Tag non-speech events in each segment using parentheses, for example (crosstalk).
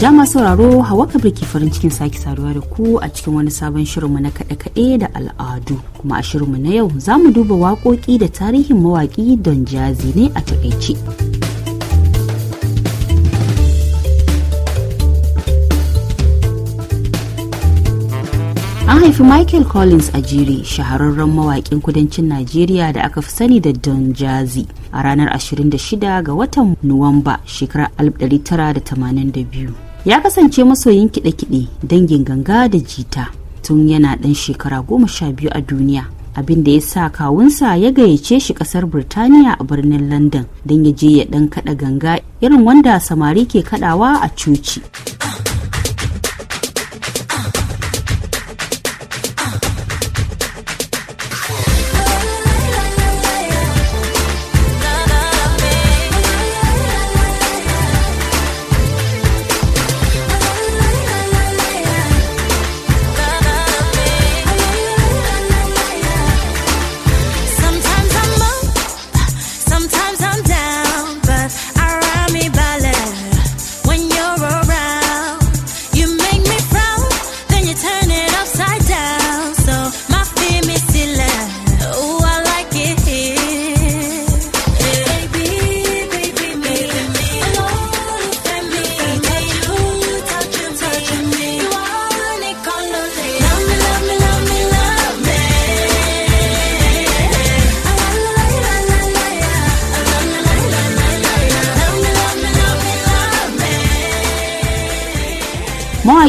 Jama sauraro hawa kabir ke farin cikin sake saduwa da ku a cikin wani sabon shirinmu na kaɗe-kaɗe da al'adu. Kuma a shirinmu na yau za mu duba waƙoƙi da tarihin mawaƙi don jazi ne a taƙaice an haifi michael collins a jere shahararren mawakin kudancin najeriya da aka fi sani da don jazi a ranar 26 ga watan nuwamba shekarar 1982 ya kasance masoyin kiɗe-kiɗe dangin ganga da jita tun yana ɗan shekara goma sha biyu a duniya abin da ya sa kawunsa ya gayyace shi kasar Birtaniya a birnin London don ya je ya dan kada ganga irin wanda samari ke kadawa a cuci.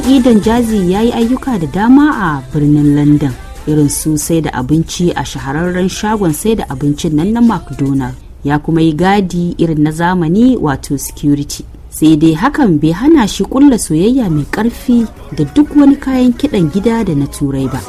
idan jazi ya yi ayyuka da dama a birnin London irin su sai da abinci a shahararren shagon sai da abincin nan na McDonald ya kuma yi gadi irin na zamani wato security. sai dai hakan bai hana shi kulla soyayya mai karfi da duk wani kayan kiɗan gida da na turai ba.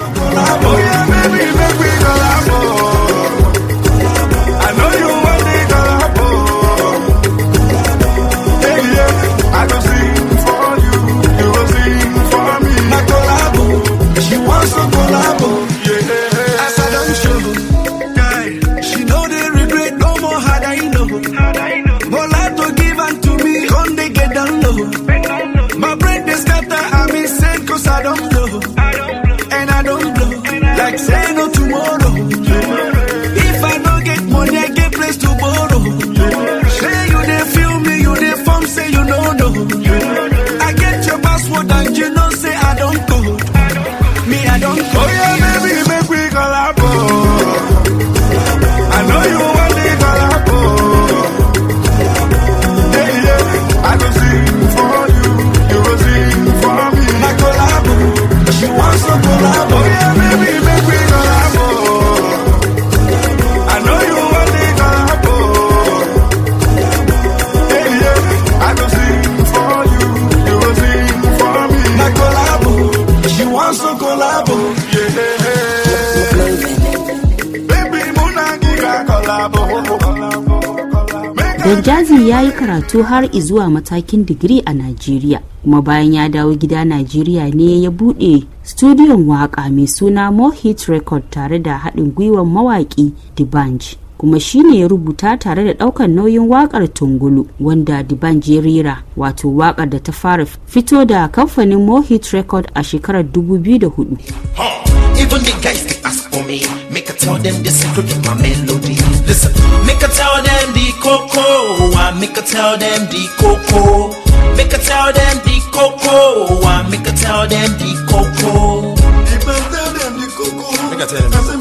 karatu har izuwa matakin digiri a Najeriya. Kuma bayan ya dawo gida Najeriya ne ya bude studiyon waka mai suna Mohit Record tare da haɗin gwiwar mawaƙi Dibanj. kuma shi ne ya rubuta tare da ɗaukar nauyin wakar tungulu wanda dibanj ya rira wato wakar da ta fara fito da kamfanin mohit record a shekarar 2004 tell them the secret of my melody. Listen, make her tell them the cocoa. I make her tell them the cocoa. Make her tell them the cocoa. I make her tell them the cocoa. If I tell them the coco, make her tell them.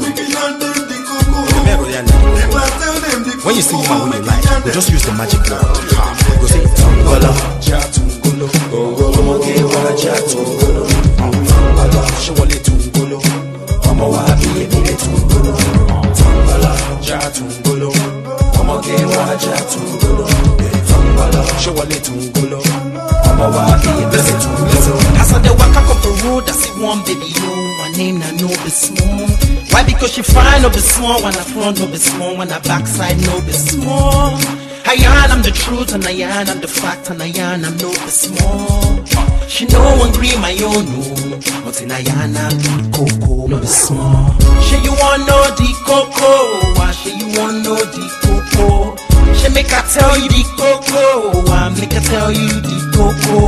the coco. when you sing my you like, we just use the magic word. Go say, Tungolo, Chatungolo, Go, go, go, alájà tún gbólọ ṣéwọlé tún gbólọ ọmọ wa iye lẹsẹ tún lẹsẹ. as i dey walk up the road i see one baby you My name na no be small why because she fine no be small when her front no be small when her backside no be small. I yarn, I'm the truth, and I yarn, I'm the fact, and I yarn, I'm no be small. She know one green my own, no, but in I yarn, I'm the cocoa, no be small. She you want no the cocoa, why she you want no the cocoa? She make her tell you the coco. I make her tell you the coco.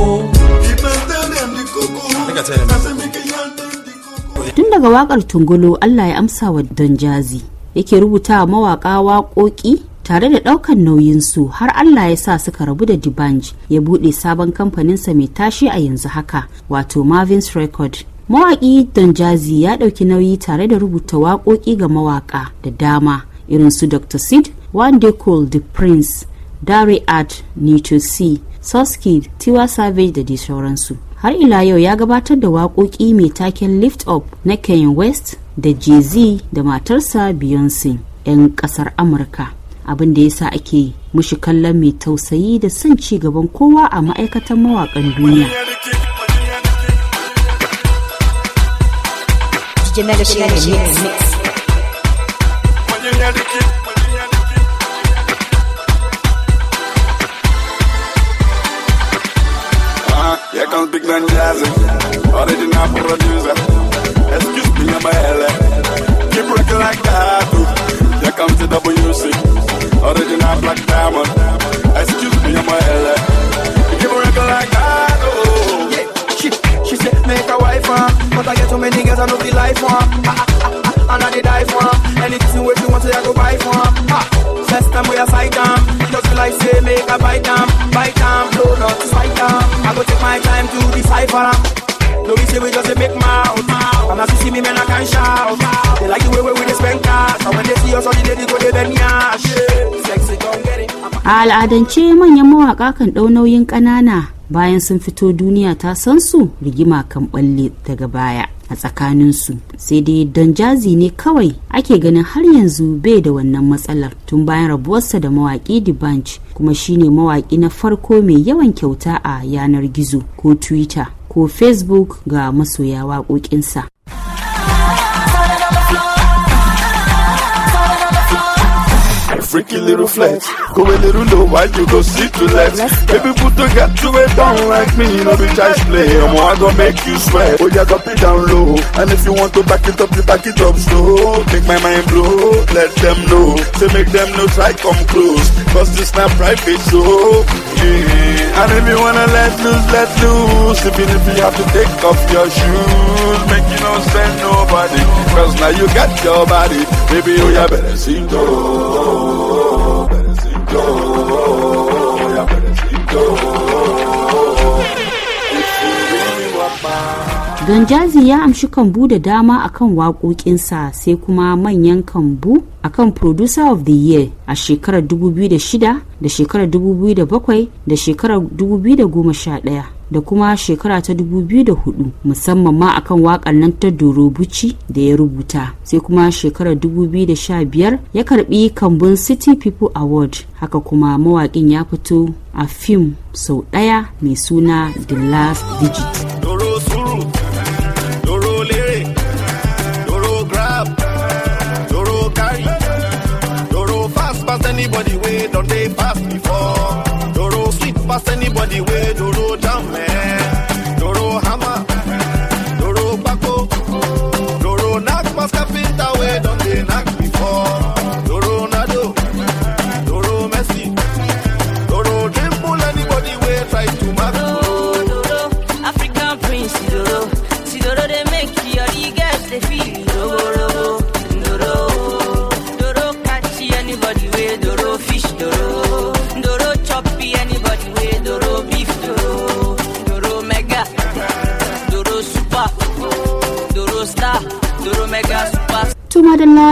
Tun daga wakar Tungulu Allah ya amsa wa Donjazi yake rubuta wa mawaka waƙoƙi tare da ɗaukan nauyinsu har Allah ya sa suka rabu da Dibanj ya buɗe sabon kamfaninsa mai tashi a yanzu haka wato Marvin's Record. Mawaƙi Donjazi ya ɗauki nauyi tare da rubuta waƙoƙi ga mawaƙa da dama irin su dr sid one day call the prince dare art nito c soski tiwa savage da dai sauransu har ila yau ya gabatar da waƙoƙi mai taken lift up na kanye west da jay-z da matarsa beyonce 'yan ƙasar amurka abin da yasa ake mushi kallon mai tausayi da son ci gaban kowa a ma'aikatan mawaƙan duniya. Generation Mix. when uh-huh. here comes Big Man original producer. Excuse me, I'm a Keep working like that. Here comes the WC, original Black Diamond. Excuse me, I'm a Keep working like that. Oh. she, she said, make a wife, huh? but I get so many girls, I know the life, huh? Ah, ah, ah and I did die for Anything what you want, I go buy for her. First time we a fight them, just feel like say make a bite them, bite them, no not fight them. I go take my time to decipher them. No, we say we just make big mouth. And as you see me, man, I can shout. They like the way we, we spend cash. And when they see us on the day, they go, they bend yeah, a al'adance manyan mawaka kan ɗau nauyin ƙanana bayan sun fito duniya ta san su rigima kan ɓalle daga baya a tsakanin su sai dai don jazi ne kawai ake ganin har yanzu bai da wannan matsalar tun bayan rabuwarsa da mawaƙi dibanch kuma shine mawaƙi na farko mai yawan kyauta a yanar gizo ko twitter ko facebook ga masoya waƙoƙinsa freaky little flex. Go a little low while you go sit to left. Baby, put the gat to it down like me. No bitch I play. I'm I gonna make you sweat. Oh, yeah, drop it down low. And if you want to back it up, you back it up slow. Make my mind blow. Let them know. To so make them know. Try come close. Cause this not private, so yeah. And if you wanna let loose, let loose. Even if you have to take off your shoes, make you no send nobody. Cause now you got your body. Baby, oh yeah, better sing go. Better sing go. don jazi ya amshi kambu da dama akan waƙoƙinsa sai kuma manyan kambu akan producer of the year a shekarar 2006 da shekarar 2007 da shekarar 2011 da kuma shekara ta 2004 musamman ma akan waƙar nan ta dorobuci da ya rubuta sai kuma shekarar 2015 ya karbi kambun city people award haka kuma mawakin ya fito a fim sau ɗaya mai suna the last digit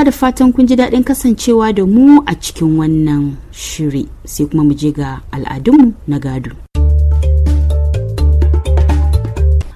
da fatan kun ji daɗin kasancewa da mu a cikin wannan shiri sai kuma mu je ga al'adunmu na gado.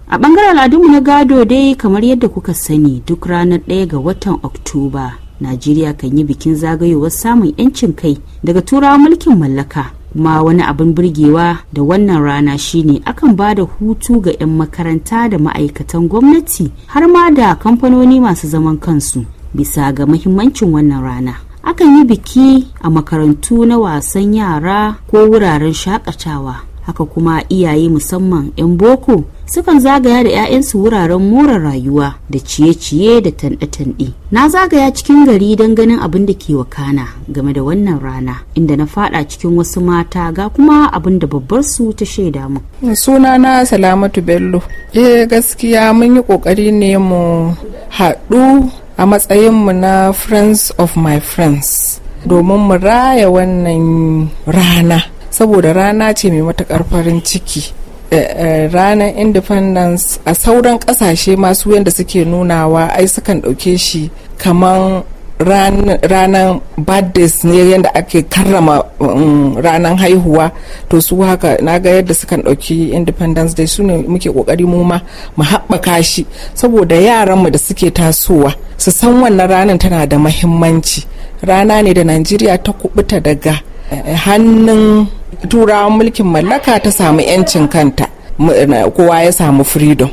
a ɓangare al'adunmu na gado dai kamar yadda kuka sani duk ranar ɗaya ga watan oktoba najeriya kan yi bikin zagayowar samun 'yancin kai daga turawa mulkin mallaka ma wani abin burgewa da wannan rana shine akan ba da hutu ga 'yan makaranta da ma'aikatan gwamnati har ma da kamfanoni masu zaman kansu bisa ga mahimmancin wannan rana akan yi biki a makarantu na wasan yara ko wuraren shakatawa haka kuma iyaye musamman 'yan boko sukan zagaya da 'ya'yansu wuraren more rayuwa da ciye-ciye da tanɗe-tanɗe na zagaya cikin gari don ganin abin da ke wakana game da wannan rana inda na fada cikin wasu mata ga kuma abin da babbar su ta shaida mu suna na salamatu bello eh gaskiya mun yi ƙoƙari ne mu haɗu a matsayinmu na friends of my friends domin mu raya wannan rana saboda rana ce mai matakar farin ciki eh, eh, ranar independence a sauran kasashe masu yadda suke nunawa ai sukan ɗauke shi kaman ranar birthdays ne yadda ake karrama um, ranar haihuwa to su haka na ga yadda suka ɗauki independence day su ne muke ƙoƙari mu ma mu haɓaka shi saboda yaranmu da suke tasowa su san wannan ranar tana da mahimmanci rana ne da najeriya ta kubuta daga eh, hannun turawan mulkin mallaka ta samu 'yancin kanta kowa ya samu freedom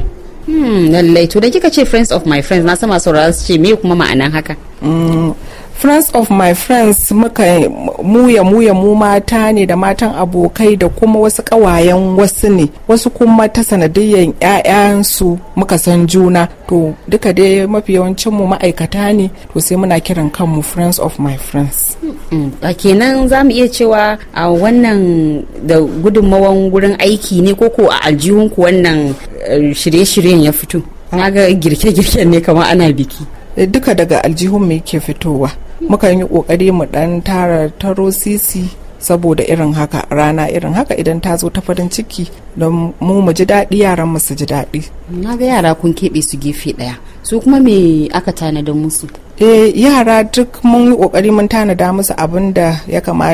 hmm lallai to da kika ce friends of my friends na sama sauraron su ce me kuma ma'anan haka mm, friends of my friends muka muya muya mu mata ne da matan abokai da kuma wasu kawayen wasu ne wasu kuma ta sanadiyyan 'ya'yansu muka san juna to duka dai mafi yawancin mu ma'aikata ne to sai muna kiran kanmu friends of my friends mm, a kenan za mu iya cewa a wannan da gudunmawan gurin aiki ne koko a aljihunku wannan eh, shirye-shiryen ya fito na ga girke-girken ne kamar ana biki eh, duka daga aljihun mai ke fitowa mukan yi kokari mu dan tara taro sisi saboda irin haka rana irin haka idan ta zo ta farin ciki don mu mu ji daɗi yaran mu su ji daɗi. na ga yara kun keɓe su gefe ɗaya su kuma me aka tanada musu eh yara duk mun yi kokari mun tanada musu abin da ya kama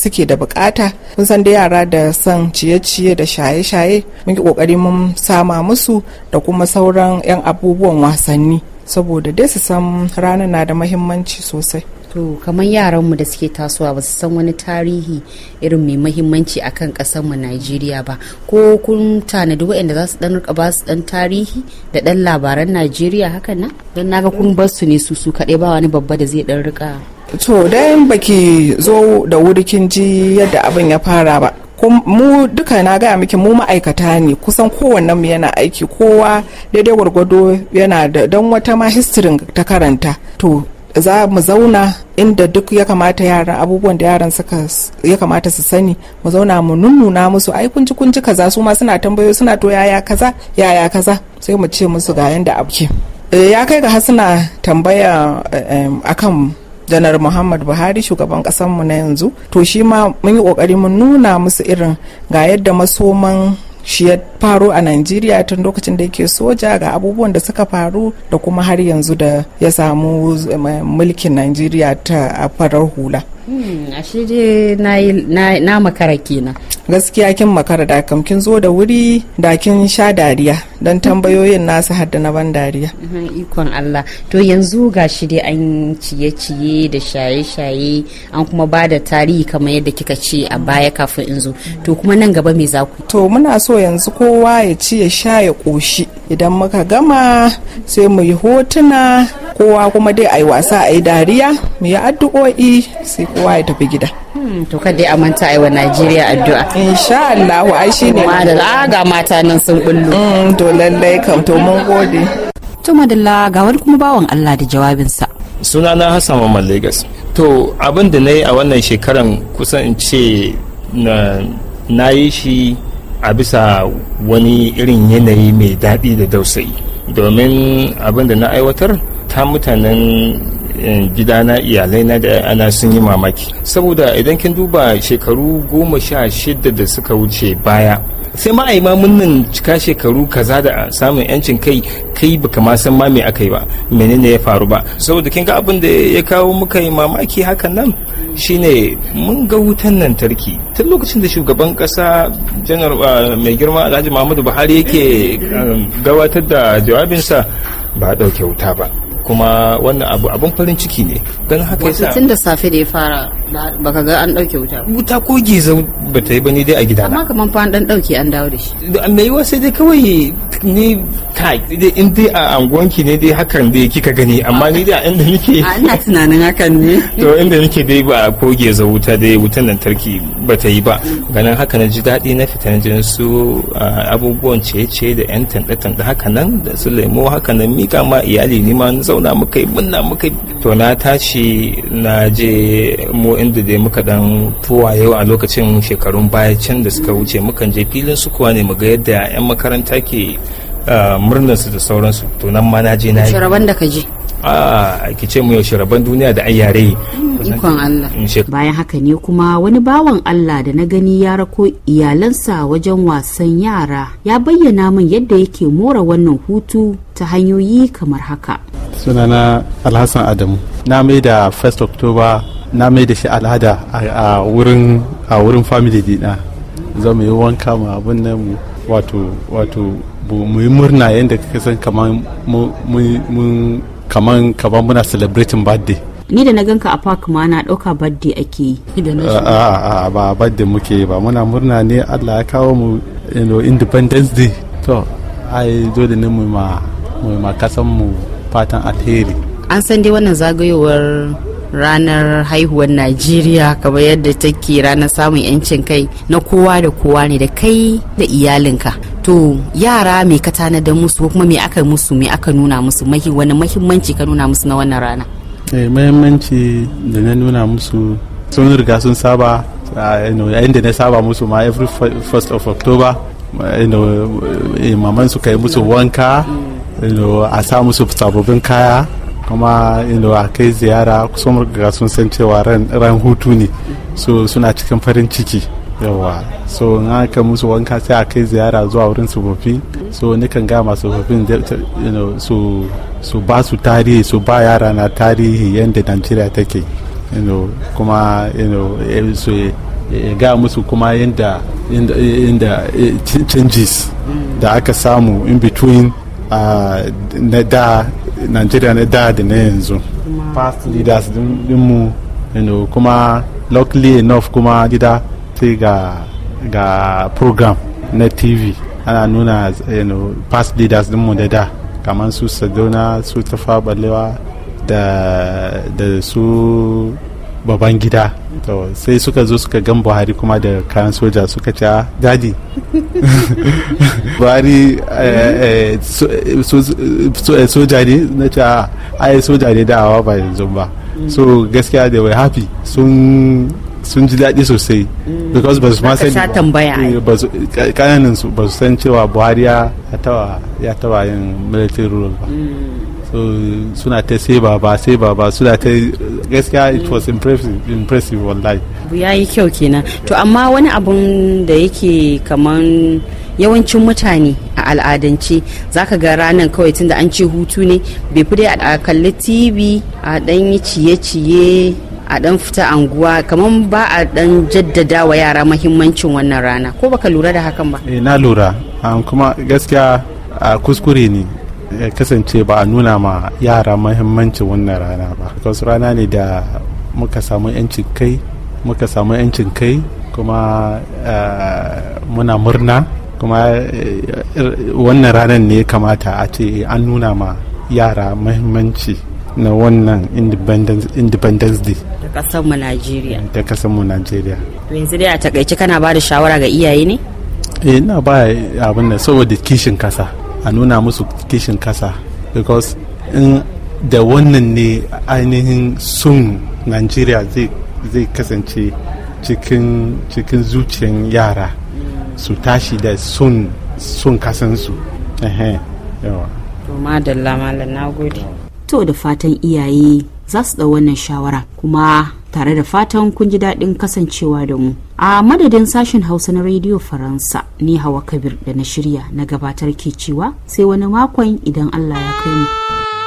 suke da bukata kun san da yara da san ciye-ciye da shaye-shaye mun yi kokari mun sama musu da kuma sauran 'yan abubuwan wasanni saboda dai su san rana na da mahimmanci sosai to kamar yaranmu da suke tasowa ba su san wani tarihi irin mai mahimmanci akan kan mu najeriya ba ko kun tanadi waɗanda za su ɗan rika ba su ɗan tarihi da ɗan labaran najeriya haka na don naga kun bar su ne su su kaɗai ba wani babba da zai ɗan rika to dan baki zo da wurikin ji yadda abin ya fara ba mu duka na gaya miki mu ma'aikata ne kusan kowanne mu yana aiki kowa daidai gwargwado yana da don wata ma history ta karanta to za mu zauna inda duk ya kamata yara abubuwan da yaran suka ya kamata su sani mu zauna mu nunnuna musu ai kunji kunji kaza su ma suna tambayo suna to yaya kaza yaya kaza sai mu ce musu ga yanda abuke eh, ya kai ga har suna tambaya eh, akan janar muhammad buhari shugaban mu na yanzu to shi ma mun yi kokari mun nuna musu irin ga yadda masoman shi ya faru a Najeriya tun lokacin da yake soja ga abubuwan da suka faru da kuma har yanzu da ya samu eh, mulkin Najeriya ta farar hula. Hmm, a shirye na makara kenan gaskiya kin makara da kam zo da wuri da kin sha dariya don tambayoyin nasu hadda na ban dariya uhm, ikon Allah to yanzu ga shi dai an ciye-ciye da shaye-shaye an kuma ba da tarihi kamar yadda kika ce a baya kafin in zo to kuma nan gaba me za ku to muna so yanzu kowa ya ci ya sha ya koshi idan muka gama sai mu yi hotuna kowa kuma dai a yi wasa a dariya mu yi addu'o'i sai kowa ya tafi gida hmm, to kada a manta a yi wa najeriya addu'a insha Allah ai shine madalla ga mata nan sun bullo hmm, to lallai kam to mun gode to madalla ga wani kuma bawan allah da jawabinsa sunana hassan mamman lagos to abin da na yi a wannan shekaran kusan in ce na yi shi a bisa wani irin yanayi mai daɗi da dausayi domin abin da na aiwatar Ta mutanen eh, gidana iyalaina da ana sun yi mamaki saboda idan kin duba shekaru goma sha shida da suka wuce baya sai ma nan cika shekaru kaza da samun yancin kai kai baka ma san ma me aka yi ba menene ya faru ba saboda kin ga abin da ya kawo muka yi mamaki hakan nan shine mun ga wutan lantarki tun lokacin da shugaban kasa janar ah, mai girma alhaji muhammadu buhari yake ah, gabatar da jawabinsa ba dauke wuta ba kuma wannan abu abun farin ciki ne don haka yasa tun da safe da ya fara baka ga an dauke wuta wuta ko gizo ba ta yi bane dai a gida amma kaman fa an dan dauke an dawo da shi me yiwa sai dai kawai ni kai in dai a angonki ne dai hakan dai kika gani amma ni dai a inda nake ina tunanin hakan ne to inda nake dai ba koge za wuta dai wutan lantarki ba ta yi ba ganin haka na ji daɗi na fitan jin su abubuwan ciye-ciye da yan tanda tanda haka nan da su lemo haka nan mika ma iyali ni ma na zauna muka yi munna muka yi to na tashi na je mu inda dai muka dan tuwa yau a lokacin shekarun baya can da suka wuce mukan je filin sukuwa ne mu ga yadda yan makaranta ke Ah, murnarsu da sauransu to nan ma na je na yi shiraban da ka je a ah, ki ce mu yau shiraban duniya da ayyare hmm, ikon Allah bayan haka ne kuma wani bawan Allah da na gani ya rako iyalansa wajen wasan yara ya bayyana min yadda yake mora wannan hutu ta hanyoyi kamar haka sunana alhassan adamu na mai da 1 october na mai da shi al'ada a wurin a wurin family dina zamu yi wanka ma abin nan wato wato mu yi murna yadda kake san kaman mun kaman kaman muna celebrating birthday ni da na ganka a park ma na ɗauka birthday ake yi a ah, ah, ah, ba birthday muke ba muna murna ne Allah ya kawo mu independence day to ai dole ne mu ma mu ma kasan mu fatan alheri an san dai wannan zagayowar ranar haihuwar najeriya kamar yadda take ranar samun yancin kai na kowa da kowa ne da kai da iyalinka to yara me ka tanada musu ko kuma me aka musu me aka nuna musu mahi wani mahimmanci ka nuna musu na wannan rana eh mahimmanci da na nuna musu sun riga sun saba yayin da na saba musu ma every first of october eh, maman su kai musu wanka a sa musu sababbin kaya kuma a kai ziyara kusan riga sun san cewa ran hutu ne so suna cikin farin ciki yawa so in aka musu wanka sai a kai ziyara zuwa wurin tsofaffi so kan ga masu tsofaffin su ba su tarihi su ba yara na tarihi yadda najeriya take kuma eh, su eh, ga musu kuma yadda eh, changes da aka samu in between ah, na da najeriya na da da na yanzu past leaders mu kuma luckily enough kuma gida sai ga ga program na tv ana nuna you eh, know, past leaders mu da da kamar su sadona su tafa balewa da, da su baban gida to sai suka zo suka gan buhari kuma da kayan soja suka ce ah, dadi (laughs) buhari eh, eh, soja ne na ce ah, ai soja ne da awa ba yanzu ba so gaskiya da wai happy sun sun ji daɗi sosai mm. because ba su ma san eh, kananan su ba su san cewa buhari ya tawa ya tawa yin military rule ba mm. so suna ta sai baba sai baba suna ta gaskiya it mm. was impressive impressive wallahi ya yi kyau kenan to amma wani abun da yake kaman yawancin mutane a al'adance zaka ga ranar kawai tunda an ce hutu ne bai fi dai a kalli tv a dan yi ciye-ciye a dan fita anguwa kamar ba a dan jaddada wa yara mahimmancin wannan rana ko baka lura da hakan ba eh, na lura kuma gaskiya a kuskure ne kasance ba a nuna ma yara mahimmancin wannan rana ba kasu rana ne da muka samu yancin kai muka samu yancin kai kuma muna murna kuma eh, er, wannan ranar ne kamata a ce an nuna ma yara mahimmanci na wannan independence day da kasar mu nigeria da kasar mu nigeria to yanzu dai a takaice kana ba da shawara ga iyaye ne eh na ba abin da saboda kishin kasa a nuna musu kishin kasa because in da wannan ne ainihin sun nigeria zai kasance cikin cikin zuciyan yara su tashi da sun sun kasansu yawa to madalla malam na gode to da fatan iyaye za su ɗau wannan shawara kuma tare da fatan kun ji daɗin kasancewa da mu a madadin sashen hausa na rediyo faransa ni hawa kabir da na shirya na gabatar ke cewa sai wani makon idan allah ya kai mu.